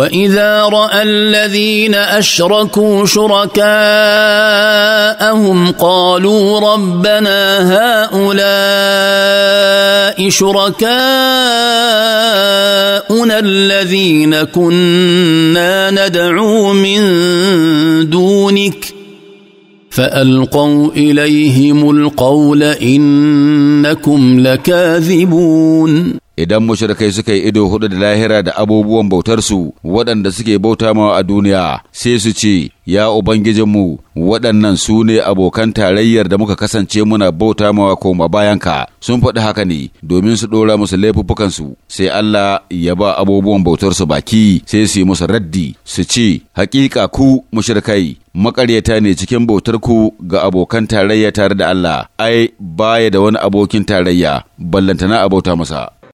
واذا راى الذين اشركوا شركاءهم قالوا ربنا هؤلاء شركاءنا الذين كنا ندعو من دونك فالقوا اليهم القول انكم لكاذبون idan mushrikai suka yi ido hudu da lahira da abubuwan bautarsu waɗanda suke bauta ma a duniya sai su ce ya ubangijinmu waɗannan su ne abokan tarayyar da muka kasance muna bauta ma koma bayanka sun faɗi haka ne domin su ɗora musu laifuffukansu sai Allah ya ba abubuwan bautarsu baki sai su yi musu raddi su ce hakika ku mushrikai makaryata ne cikin bautar ku ga abokan tarayya tare da Allah ai baya da wani abokin tarayya ballantana a bauta masa